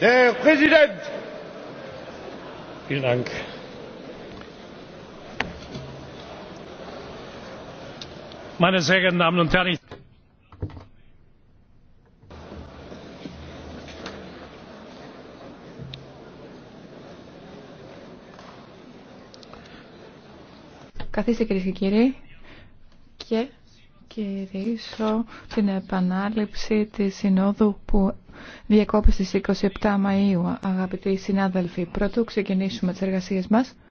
Der Präsident! Vielen Dank. Meine sehr geehrten Damen und Herren, ich Καθίστε κυρίε και κύριοι και κηρύσω την επανάληψη της συνόδου που Διακόπηση 27 Μαΐου, αγαπητοί συνάδελφοι. πρώτο ξεκινήσουμε τις εργασίες μας.